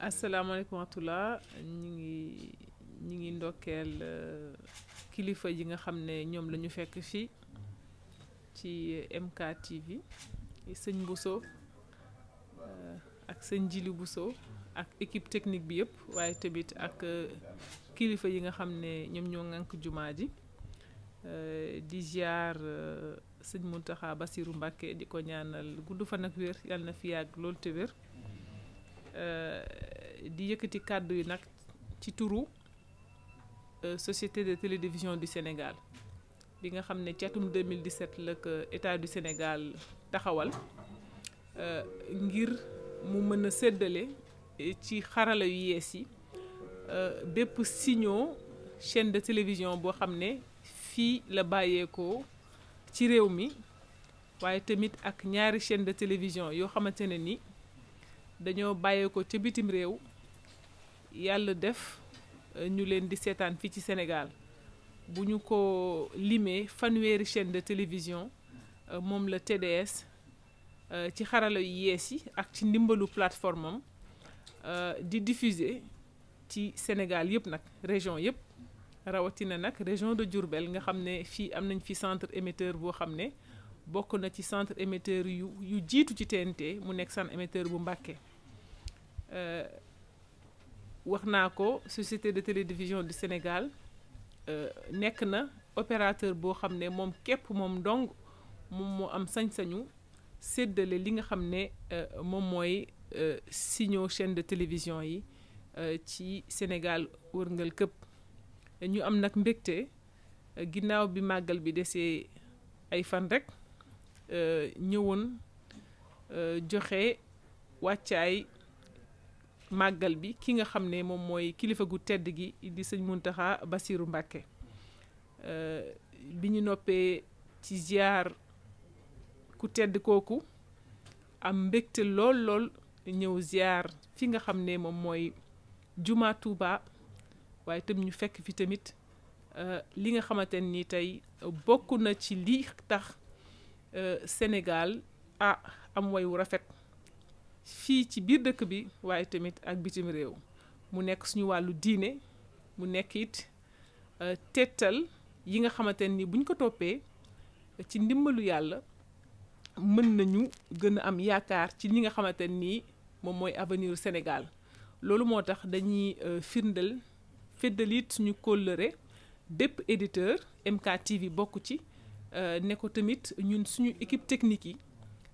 asalaamaaleykum wa rahmatulah ñu ngi ñu ngi ndokkeel euh, kilifa yi nga xam ne ñoom la ñu fekk fii ci MK TV sëñ Bousso euh, ak sëñ Jili Bousso ak équipe technique bi yëpp waaye tabit ak euh, kilifa yi nga xam ne ñoom ñoo ŋànk jumaa ji di ziar sëñ Mountakha Bassirou Mbacké di ko ñaanal gudd fan ak wér yàlla na fi yàgg loolu te wér. Euh, di yëkkati kàddu yi nag ci turu euh, société de télévision du Sénégal bi nga xam ne ci atum 2017 la état du Sénégal taxawal euh, ngir mu mën a séddale ci xarala yu yees yi bépp signaux chaîne de télévision boo xam ne fii la bàyyeekoo ci réew mi waaye tamit ak ñaari chaîne de télévision yoo xamante ne ni. dañoo bàyyee ko ca bitim réew yàlla def euh, ñu leen di seetaan fii ci Sénégal bu ñu ko limee fanweeri chaîne de télévision euh, moom la TDS euh, ci xarala yu yees yi ak ci ndimbalu plateforme am di diffuser ci Sénégal yëpp nag région yëpp rawatina nag région de Diourbel nga xam ne fii am nañ fi centre émetteur boo xam ne bokk na ci centre émetteur yu yu jiitu ci TNT mu nekk centre émetteur bu Mbàkke euh, wax naa ko société de télévision du Sénégal euh, nekk na opérateur boo xam ne moom képp moom dong moom moo am sañ-sañu séddale li nga xam ne euh, moom mooy signaux chaîne de télévision yi ci Sénégal wërngal këpp ñu am nag mbégte ginnaaw bi màggal bi desee ay fan rek Euh, ñëwoon euh, joxe wàccaay màggal bi ki nga xam ne moom mooy kilifa gu tedd gi di sëñ Muntaxa Basiru Mbàkke euh, bi ñu noppee ci ziar ku tedd kooku am mbégte lool lool ñëw ziar fi nga xam ne moom mooy juma Tuuba waaye tam ñu fekk fi tamit li nga xamante ni tey bokk na ci lii tax Euh, Sénégal ah am way rafet fii ci biir dëkk bi waaye tamit ak bitim réew mu nekk suñu wàllu diine mu nekk it euh, tetal yi nga xamante ni buñ ko toppee ci ndimbalu yàlla mën nañu gën a am yaakaar ci li nga xamante nii moom mooy avenir Sénégal loolu moo tax dañuy euh, firndal feddalit suñu kóllëre bépp éditeur MK TV bokk ci Euh, ne ko tamit ñun suñu équipe technique yi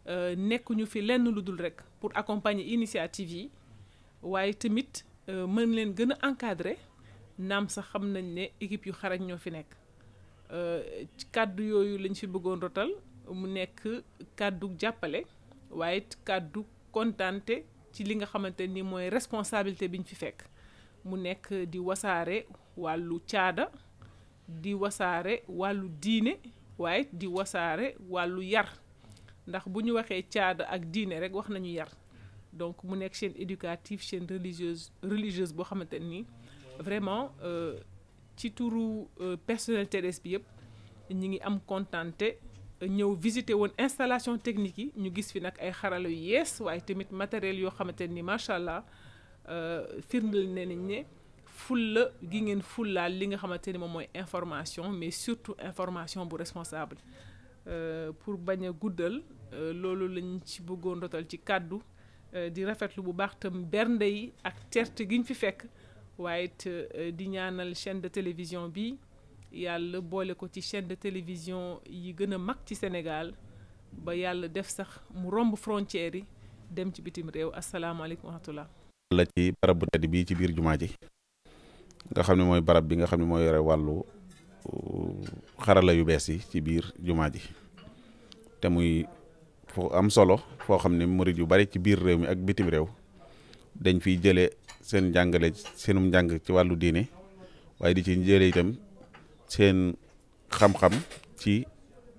euh, nekkuñu fi lenn lu dul rek pour accompagner initiative yi waaye tamit euh, mën leen gën a encadrer naam sax xam nañ ne équipe yu xarañ ñoo fi nekk kàddu yooyu lañ fi bëggoon rotal mu nekk kàddu jàppale waaye kàddu kontaante ci li nga xamante ni mooy responsabilité bi ñu fi fekk mu nekk di wasaare wàllu caada di wasaare wàllu diine waaye di wasaare wàllu yar ndax bu ñu waxee caada ak diine rek wax nañu yar donc mu nekk chaîne éducative chaîne religieuse religieuse boo xamante nii vraiment euh, ci turu euh, personnel terrestre bi yëpp ñi ngi am kontante ñëw visiter woon installation technique yi ñu gis fi nag ay xarala yu yees waaye tamit matériel yoo xamante nii macha allah euh, firndeel ne nañ ne fulla gi ngeen fullaal li nga xamante ni moom mooy information mais surtout information bu responsable euh, pour bañ a guddal euh, loolu lañ ci bëggoon dotal ci kàddu euh, di rafetlu bu baax tam bernde yi ak terte gi ñu fi fekk waaye it di ñaanal chaine de télévision bi yàlla boole ko ci chaîne de télévision yi gën a mag ci Sénégal ba yàlla def sax mu romb frontières yi dem ci bitim réew asalaamaaleykum wa rahmatullah la ci barab bu tedd bii ci biir jumaa ji nga xam ne mooy barab bi nga xam ne mooy yore wàllu uh, xarala yu bees yi ci biir jumaa ji te muy foo am solo foo xam ne murid yu bari ci biir réew mi ak bitim réew dañ fi jële seen njàngale seenum njàng ci wàllu diine waaye di ci jëlee itam seen xam-xam ci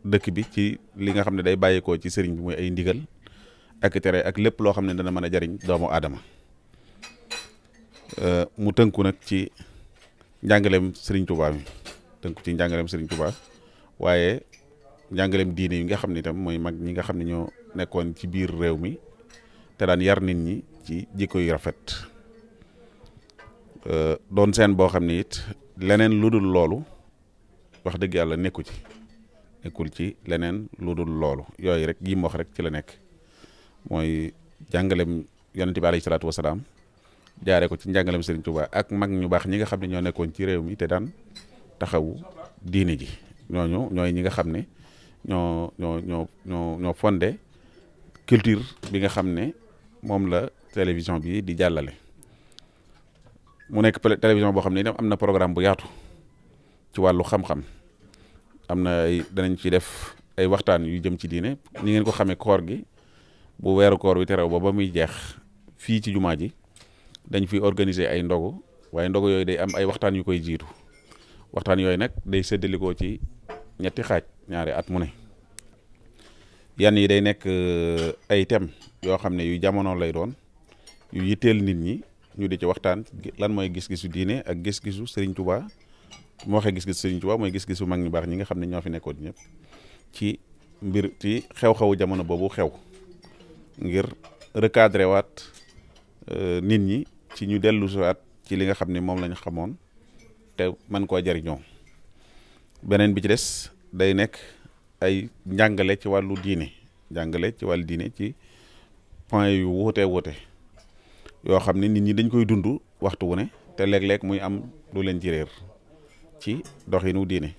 dëkk bi ci li nga xam ne day bàyyeekoo ci sëriñ bi muy ay ndigal ak tere ak lépp loo xam ne dana mën a jariñ doomu aadama uh, mu tënku nag ci njàngaleem Serigne Touba mi tënku ci njàngaleem Serigne Touba waaye njàngaleem diine yi nga xam ne itam mooy mag ñi nga xam ne ñoo nekkoon ci biir réew mi te daan yar nit ñi ci jikko yu rafet euh, doon seen boo xam ne it leneen lu dul loolu wax dëgg yàlla nekku ci nekkul ci leneen lu dul loolu yooyu rek yi mu wax rek ci la nekk mooy jàngaleem yonente bi alayhi salaatu wasalaam jaaree ko ci njàngalem Serigne Touba ak mag ñu baax ñi nga xam ne ñoo nekkoon ci réew mi te daan taxawu diine ji ñooñu ñooy ñi nga xam ne ñoo ñoo ñoo ñoo ñoo culture bi nga xam ne moom la télévision bi di jàllale mu nekk télévision boo xam ne am na programme bu yaatu ci wàllu xam-xam am na ay danañ ci def ay waxtaan yu jëm ci diine ñi ngeen ko xamee koor gi bu weeru koor wi terew ba ba muy jeex fii ci jumaa ji dañ fi organiser ay ndogu waaye ndogu yooyu day am ay waxtaan yu koy jiitu waxtaan yooyu nag day séddalikoo ci ñetti xaaj ñaari at mu ne yan yi day nekk euh, ay thème yoo xam ne yu jamono lay doon yu yitteel nit ñi ñu di ci waxtaan lan mooy gis-gisu diine ak gis-gisu sëriñ Touba moo waxee gis-gisu Serigne Touba mooy gis-gisu mag ñu baax ñi nga xam ne ñoo fi nekkoon ñëpp ci mbir ci xew-xewu jamono boobu xew ngir recadrer Euh, nit ñi ci ñu dellu siwaat ci li nga xam ni moom lañ xamoon te mën koo jariñoo beneen bi ci des day nekk ay njàngale ci wàllu diine njàngale ci wàllu diine ci point yu wuute wuute yoo xam ne nit ñi dañ koy dund waxtu wu ne te léeg-léeg muy am lu leen ci réer ci doxinu diine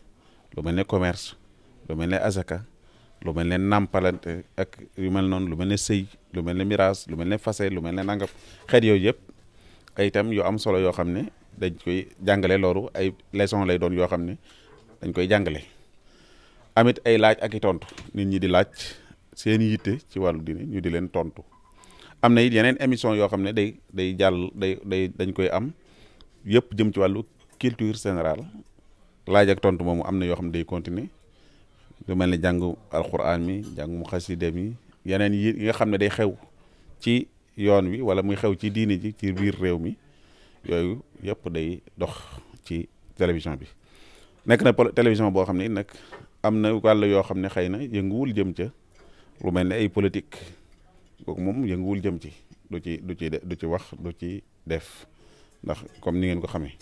lu mel ne commerce lu mel ne azaka lu mel ne nàmpalante ak yu mel noonu lu mel ne sey lu mel ne miraas lu mel ne fase lu mel ne nangam xeet yooyu yëpp ay itam yu am solo yoo xam ne dañ koy jàngale loolu ay leçon lay doon yoo xam ne dañ koy jàngale amit ay laaj ak i tontu nit ñi di laaj seen yitte ci wàllu diine ñu di leen tontu am na it yeneen émission yoo xam ne day day jàll day day dañ koy am yëpp jëm ci wàllu culture générale laaj ak tontu moomu am na yoo xam ne day continuer lu mel ne jàngu alquran mi jàngum xasida mi yeneen yi nga xam ne day xew ci yoon wi wala muy xew ci diini ji ci biir réew mi yooyu yëpp day dox ci télévision bi nekk na télévision boo xam ne nag am na wàll yoo xam ne xëy na yënguwul jëm ca lu mel ne ay politique kooku moom yënguwul jëm ci du ci du ci du ci wax du ci def ndax comme ni ngeen ko xamee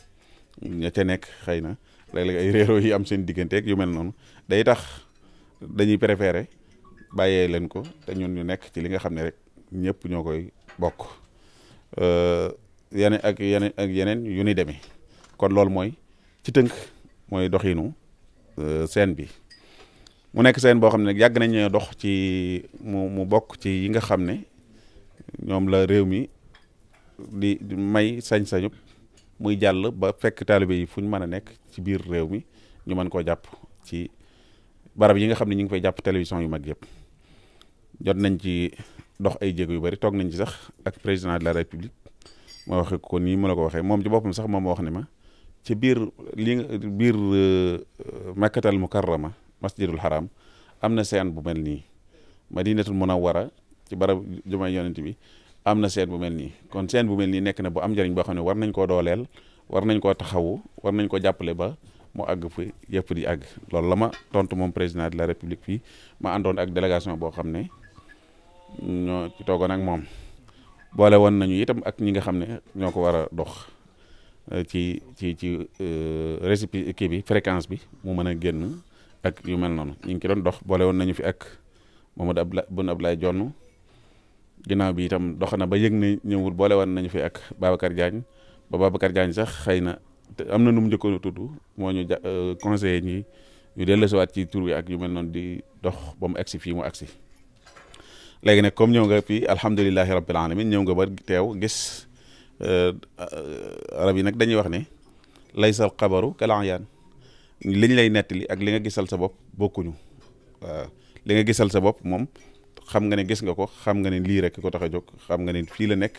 ña ca nekk xëy na léeg-léeg ay réero yi am seen digganteeg yu mel noonu day tax dañuy préféré bàyyee leen ko te ñu nekk ci li nga xam ne rek ñëpp ñoo koy bokk euh, yeneen ak yeneen ak yeneen yu ni deme kon loolu mooy ci tënk mooy doxinu euh, seen bi mu nekk seen boo xam ne yàgg nañ ñoo dox ci mu mu bokk ci yi nga xam ne ñoom la réew mi di may sañ-sañub muy jàll ba fekk taalibe yi fu ñu mën a nekk ci biir réew mi ñu mën koo jàpp ci barab yi nga xam ne ñu ngi fay jàpp télévision yu mag yépp jot nañ ci dox ay jéego yu bari toog nañ ci sax ak président de la république moo waxe ko nii ma la ko waxee moom ci boppam sax moom wax ne ma ci biir li biir euh, makkatal mukarrama masjidul haram am na seen bu mel nii ma madinatul munawwara ci barab jumaay yonent bi am na seen bu mel nii kon seen bu mel nii nekk na boo am njëriñ boo xam ne war nañ koo dooleel war nañ koo taxawu war nañ ko jàppale ba mu àgg fi yëpp di àgg loolu la ma tontu moom président de la république fii ma àndoon ak délégation boo xam ne ñoo ci toogoon ak moom boole woon nañu itam ak ñi nga xam ne ñoo ko war a dox euh, ci ci ci euh, récipi kii bi fréquence bi mu mën a génn ak yu mel noonu ñu ngi ci doon dox boole woon nañu fi ak Mamadou Abla Boun Ablaye Jonn ginnaaw bi itam dox na ba yëg ne ñëwul boole woon nañu fi ak Babacar Diagne ba Babacar Diagne sax xëy na. te am na nu mu njëkkoon tudd moo ñu ja euh, conseiller ñi ñu dellusiwaat ci tur bi ak yu mel noonu di dox ba mu agsi fii mu agsi léegi nag comme ñëw nga fii alhamdulilahi rabbil alamin ñëw nga ba teew gis euh, arab yi nag dañuy wax ne lay laysal xabaru kalaayaan liñ lay nettali ak li nga gisal sa bopp bokkuñu waaw li nga gisal sa bopp moom xam nga ne gis nga ko xam nga ne lii rek ko tax a jóg xam nga ne fii la nekk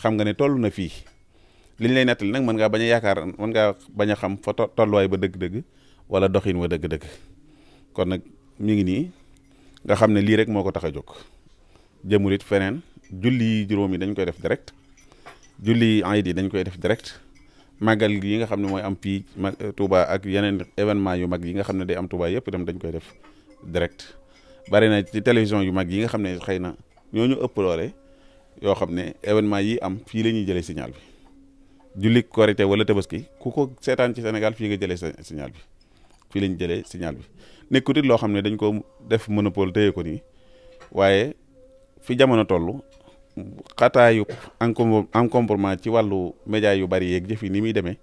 xam nga ne tool na fii li ñu lay nettali nag mën ngaa bañ a yaakaar mën ngaa bañ a xam fa tolluwaay ba dëgg-dëgg wala doxin wa dëgg-dëgg kon nag mi ngi nii nga xam ne lii rek moo ko tax a jóg jëmul it feneen julli juróom yi dañ koy def direct julli ayit yi dañ koy def direct màggal yi nga xam ne mooy am fii Touba ak yeneen événement yu mag yi nga xam ne day am Touba yëpp itam dañ koy def direct bari na ci yu mag yi nga xam ne xëy na ñooñu ëpp loole yoo xam ne événement yi am fii la ñuy jëlee signal bi julli korité wala tabaski ku ko seetaan ci Sénégal fii nga jëlee signal bi fii lañ jëlee signal bi nekkut it loo xam ne dañ ko def monopole téye ko nii waaye fi jamono toll xataayu encom encombrement ci wàllu média yu bari yeeg jëf ni muy demee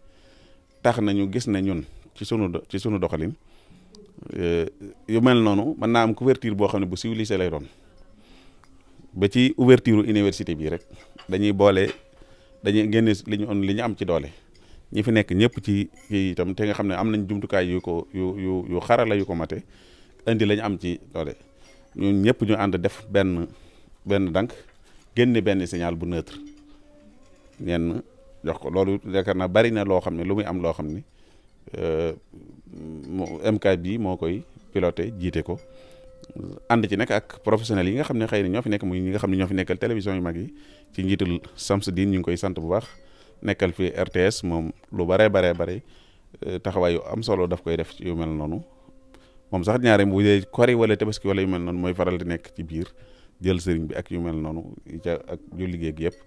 tax nañu gis na ñun ci sunu ci sunu doxalin eh, yu mel noonu mën naa am couverture boo xam ne bu civilisé lay doon ba ci ouverture université bii rek dañuy boole. dañuy génne li ñu on ñu am ci doole ñi fi nekk ñëpp ci itam te nga xam ne am nañ jumtukaay yu ko yu yu yu xarala yu ko mate indi lañ am ci doole ñun ñëpp ñu ànd def benn benn dànk génne benn signal bu neutre ñenn jox ko loolu yaakaar naa bari na loo xam ne lu muy am loo xam ne euh, MK bi moo koy piloté jiite ko ànd ci nag ak professionnels yi nga xam ne xëy na ñoo fi nekk muy ñi nga xam ne ñoo fi nekkal télévision yu mag yi ci njiitul Samsudine ñu ngi koy sant bu baax nekkal fi RTS moom lu baree baree bare euh, taxawaay yu am solo daf koy def yu mel noonu moom sax ñaare bu dee kori wala tabaski wala yu mel noonu mooy faral di nekk ci biir jël sëriñ bi ak yu mel noonu yi ca ak yu liggéey gi yëpp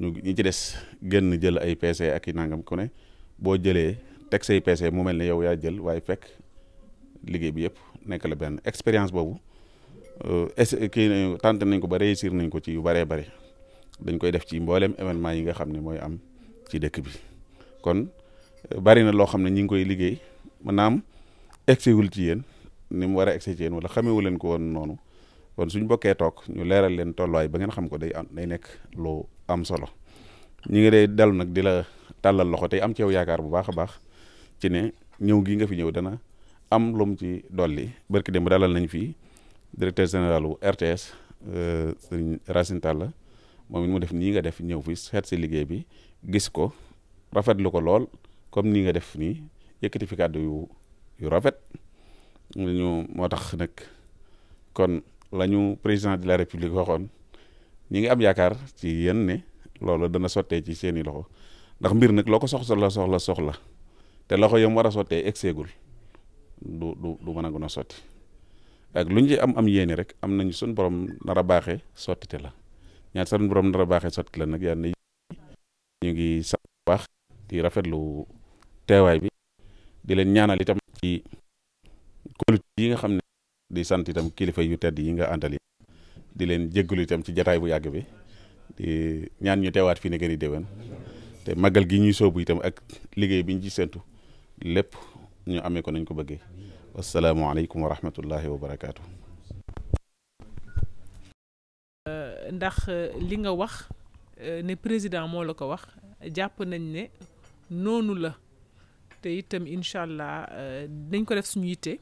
ñu ñi ci des gën jël ay PC ak i nangam ku ne boo jëlee teg say PC mu mel ne yow yaa jël waaye fekk liggéey bi yëpp nekk la benn expérience boobu euh, est kii nañu tenté nañ ko ba réussir nañ ko ci yu bëree bëri dañ koy def ci mboolem événement yi nga xam ne mooy am ci dëkk bi kon euh, bari na loo xam ne ñi ngi koy liggéey maanaam egsiwul ci yéen ni mu war a egsi ci yéen wala xamewu leen ko woon noonu kon suñ bokkee toog ñu leeral leen tolluwaay ba ngeen xam ko day am day nekk lu am solo ñi ngi day dellu nag di la tàllal loxo tey am ci yaakaar bu baax a baax ci ne ñëw gi nga fi ñëw dana am lu mu ci dolli barki démb dalal nañ fii directeur général bu RTS euh, sëriñ Racine Talla moom it mu def nii nga def ñëw fi seet si liggéey bi gis ko rafetlu ko lool comme nii nga def nii yëkkati fi yu yu rafet ñu moo tax nag kon la ñu président de la république waxoon ñi ngi am yaakaar ci yenn ne loolu dana sottee ci seeni loxo ndax mbir nag loo ko soxla soxla soxla te loxo yam war a sottee egg seegul du du du mën a gën a sotti ak lu ñu ci am am yéene rek am nañu suñ borom nar a baaxee sottite la ñaar suñ borom nar a baaxee sottite la nag yal na ñu ngi sant bu di rafetlu teewaay bi di leen ñaanal itam ci kóolut yi nga xam ne di sant itam kilifa yu tedd yi nga àndal yi di leen jéggalu itam ci jataay bu yàgg bi di ñaan ñu teewaat fii ne gën a déwén te màggal gi ñuy soobu itam ak liggéey bi ñu ci séntu lépp. ñu amee ko nañ ko bëggee wasalaamualeykum wa rahmatullahi wa barakaatu. Euh, ndax euh, li nga wax euh, ne président moo la ko wax jàpp nañ ne noonu la te itam incha allah dañ ko def suñu yitte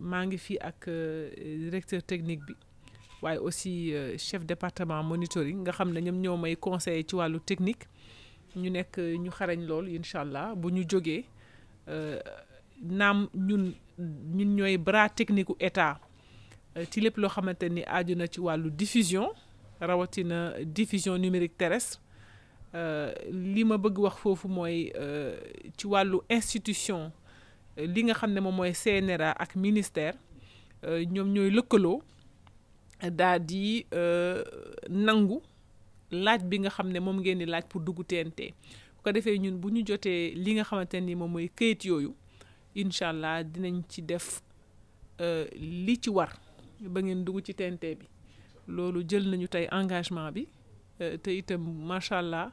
maa ngi fii ak directeur technique bi waaye aussi chef département monitoring nga xam ne ñoom ñoo may conseiller ci wàllu technique ñu nekk ñu xarañ lool incha allah bu ñu jógee. Euh, naam ñun ñun ñooy bras technique u euh, ci lépp loo xamante ni aju na ci wàllu diffusion rawatina diffusion numérique terrestre euh, li ma bëgg wax foofu mooy ci wàllu institution li nga xam ne moom mooy CNRA ak ministère ñoom ñooy lëkkaloo daa di nangu laaj bi nga xam ne moom ngeen di laaj pour dugg TNT defee ñun bu ñu jotee li nga xamante ni moom mooy këyit yooyu incha allah dinañ ci def euh, li ci war ba ngeen dugg ci TNT bi loolu jël nañu tey engagement bi euh, te itam macha allah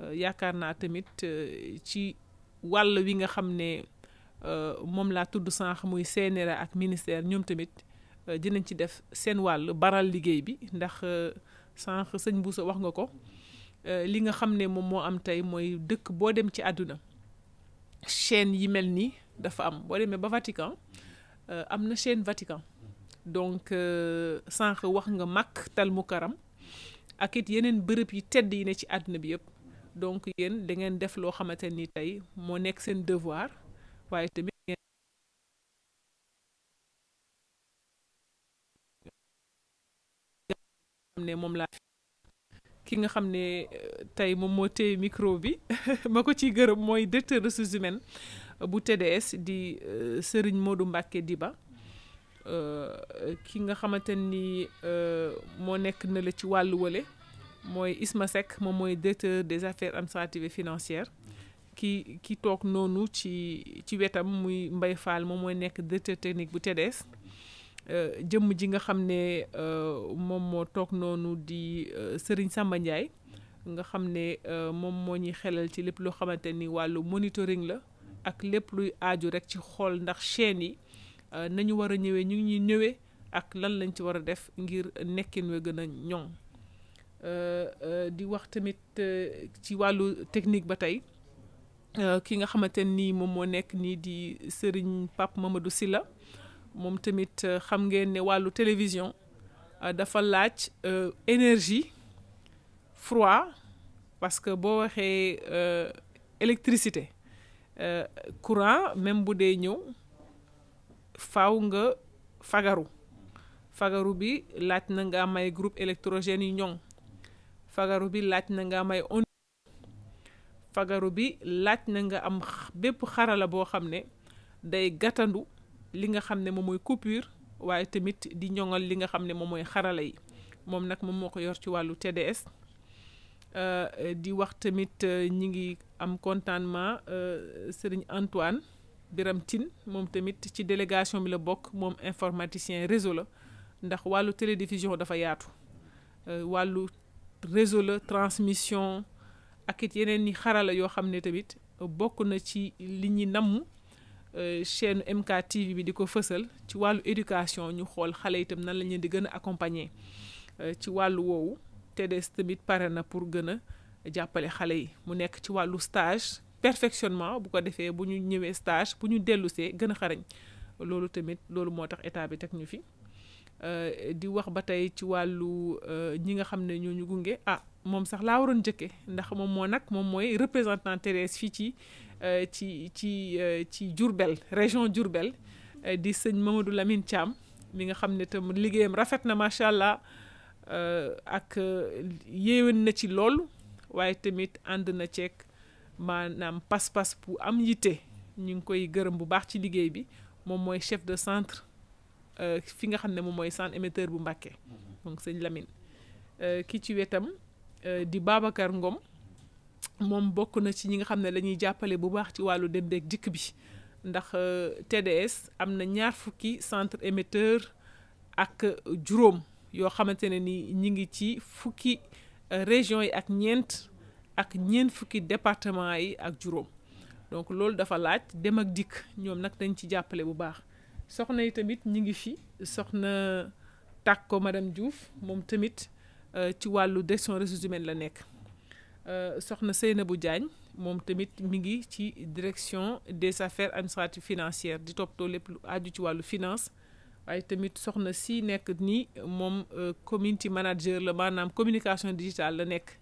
euh, yaakaar naa tamit ci wàll wi nga xam ne moom laa tudd sànq muy CNRA ak ministère ñoom tamit dinañ ci def seen wàll baral liggéey bi ndax sànq sëñ Bousso wax nga ko. Euh, li nga xam ne moom moo am tey mooy dëkk boo dem ci àdduna chaine yi mel nii dafa am boo demee ba Vatican euh, am na chaîne Vatican donc euh, sànq wax nga mag Makkatal Mukarram ak it yeneen bërëb yi tedd yi ne ci àdduna bi yëpp donc yéen da def loo xamante ni tey moo nekk seen devoir waaye tamit ngeen xam ne moom laa ki nga xam ne euh, tey moom moo téye micro bi ma ko ciy gërëm mooy directeur ressources humaines euh, bu TDS di euh, Serigne Modou Mbacke Diba ki nga xamante ni moo nekk na la ci wàllu wale mooy Isma Seck moom mooy directeur des affaires am et financières ki ki toog noonu ci ci wetam muy mbay Fall moom mooy nekk directeur technique bu TDS Euh, jëmm ji nga xam ne euh, moom moo toog noonu di euh, Serigne Samba Ndiaye nga xam ne moom moo ñuy xelal ci lépp loo xamante ni wàllu monitoring la ak lépp luy aaju rek ci xool ndax chaîne yi nañu war a ñëwee ñu ngi ñuy ñëwee ak lan lañ ci war a def ngir nekkin we gën a ñoŋ di wax tamit ci wàllu technique ba tey ki nga xamante nii moom moo nekk nii di Serigne Pape Mamadou Sylla moom tamit euh, xam ngeen ne wàllu télévision euh, dafa laaj euh, énergie froid parce que boo waxee électricité courant même bu dee ñëw faw nga fagaru fagaru bi laaj na nga may ay groupe électrogène yu ñoŋ fagaru bi laaj na nga am ay on bi laaj na nga am bépp xarala boo xam ne day gàttandu li nga xam ne moom mooy coupure waaye tamit di ñoŋal li nga xam ne moom mooy xarala yi moom nag moom moo ko yor ci wàllu TDS euh, di wax tamit euh, ñi ngi am contentement euh, Serigne Antoine Biram Tine moom tamit ci délégation bi la bokk moom informaticien réseau la ndax wàllu télédiffusion dafa yaatu wàllu réseau la transmission ak it yeneen ni xarala yoo xam ne tamit bokk na ci li ñi namm Euh, chaîne MK TV bi di ko fësal ci wàllu éducation ñu xool xale itam nan la ñu di gën a accompagner euh, ci wàllu woowu te des tamit pare na pour gën a jàppale xale yi mu nekk ci wàllu stage perfectionnement bu ko defee bu ñu ñëwee stage bu ñu dellusee gën a xarañ loolu tamit loolu moo tax état bi teg ñu fi. Euh, di wax ba tey ci wàllu euh, ñi nga xam ne ñoo ñu gunge ah moom sax laa waroon njëkke ndax moom moo nag moom mooy représentant Thérèse fii ci euh, ci ci ci Diourbel région jurbel di sëñ Mamadou Lamine Thiam mi nga xam ne tam liggéeyam rafet na macha allah ak yéewen na ci loolu waaye tamit ànd na ceeg maanaam pas-pas bu am yitte ñu ngi koy gërëm bu baax ci liggéey bi moom mooy chef de centre. Euh, fi nga xam ne moom mooy centre émetteur bu Mbàkke mhm. donc sëñ Lamine euh, ki ci wetam euh, di Babacar Ngom moom bokk na ci ñi nga xam ne dañuy jàppale bu baax ci wàllu dem beeg dikk bi ndax TDS am na ñaar fukki centre émetteur ak juróom yoo xamante ne ni ñi ngi ci fukki régions yi ak ñeent ak ñeent fukki département yi ak juróom donc loolu dafa laaj dem ak dikk ñoom nag dañ ci jàppale bu baax soxna yi tamit ñi ngi fi soxna Tàkko madame Diouf moom tamit euh, ci wàllu direction ressources humaines la nekk euh, soxna bu Diagne moom tamit mi ngi ci direction des affaires administratives financière di toppatoo lépp lu aju ci wàllu finance waaye tamit soxna si nekk nii moom euh, community manager la maanaam communication digitale la nekk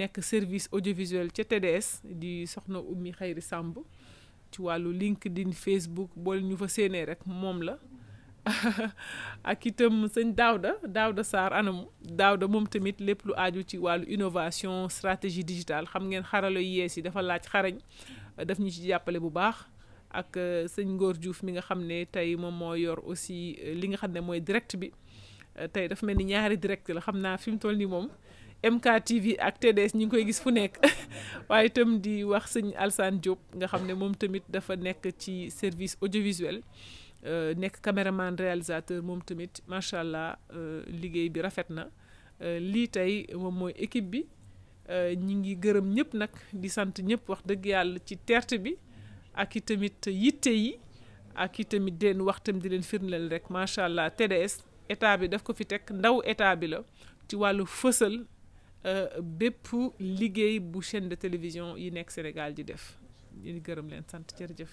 nekk service audiovisuel ca TDS di soxna Oumy Khayri sàmb ci wàllu LinkedIn Facebook bool ñu fa séenee rek moom la ak itam sëñ Daawda da Sarr anamu Daawda moom tamit lépp lu aju ci wàllu innovation stratégie digitale xam ngeen xarala yu yees yi dafa laaj xarañ daf ñu ci jàppale bu baax ak euh, sëñ Ngor Diouf mi nga xam ne tey moom moo yor aussi euh, li nga xam ne mooy direct bi euh, tey dafa mel ni ñaari direct la xam naa fi mu toll nii moom MKTV ak TDS ñi ngi koy gis fu nekk waaye itam di wax sëñ Alsane Diop nga xam ne moom tamit dafa nekk ci service audiovisuel euh, nekk caméraman réalisateur moom tamit macha allah euh, liggéey bi rafet na euh, lii tey moom mooy équipe bi ñi ngi gërëm ñëpp nag di sant ñëpp wax dëgg yàlla ci terte bi ak i tamit yitte yi ak i tamit den waxtam di leen firndeel rek macha allah TDS état bi daf ko fi teg ndaw état bi la ci wàllu fësal Euh, bépp liggéey bu chaîne de télévision yi nekk Sénégal di def ñu gërëm leen sant jëf